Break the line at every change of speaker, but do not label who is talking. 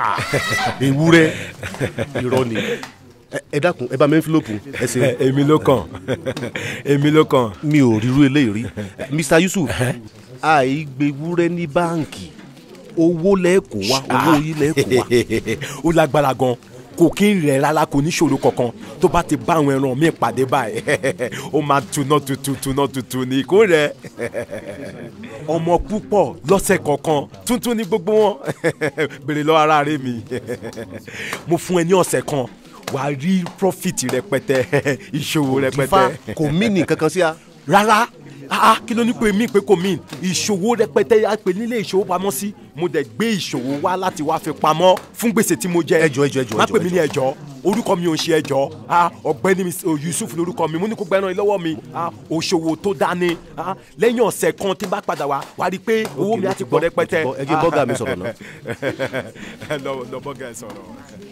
Ah, ewúrẹ́ irọ́ ni ẹ dákun ẹ bá mẹ́ńfílọ́pù ẹ ṣe. èmi ló kàn èmi ló kàn. mi ò ríru eléyìí rí Mr Yusuf
àìgbèwúrẹ́ ní báǹkì owó lẹ́ẹ̀kọ́ wá owó yìí lẹ́ẹ̀kọ́ wá. ó lágbára gan-an kò kí ń rẹ̀ rárá kò ní ṣòro kankan tó bá ti bá àwọn ẹran mi pàdé báyìí ó máa tuná tutù tuná tutù ní ìkó rẹ̀ ọmọ púpọ̀ lọ́sẹ̀ kọ̀ọ̀kan tuntun ní gbogbo wọn béèrè lọ́wọ́ ara rẹ̀ mi mo fún ẹ ní ọ̀sẹ̀ kan wàá rí profit rẹpẹtẹ ìṣòwò rẹpẹtẹ. kò mí nìkankan sí a. rárá Ah, ah kí ló ní pé mí pé kò mí ìṣòwò rẹpẹtẹ a pè nílé ìṣòwò pamọ́ sí mo dẹ̀ gbé ìṣòwò wá láti wá fi pamọ́ fún gbèsè tí mo jẹ ẹjọ ẹjọ ẹjọ má pè mí ní ẹjọ orúkọ mi ò ń ṣe ẹjọ ah, ọ̀gbẹ́ni oh, Yusuf lórúkọ mi mo ní kó gbẹran lọ́wọ́ mi ah, òṣòwò tó dání lẹ́yìn ọ̀sẹ̀ kan tí n bá padà wá wá rí i pé owó mi á ti pọ̀ rẹpẹtẹ. ẹ jẹ́ bọ́gà mi sọ̀rọ̀ náà.
lọ bọ́gà ẹ sọ̀rọ̀.